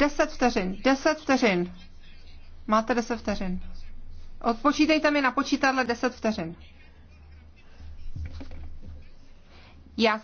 Deset vteřin, deset vteřin. Máte deset vteřin. Odpočítejte mi na počítadle deset vteřin. Já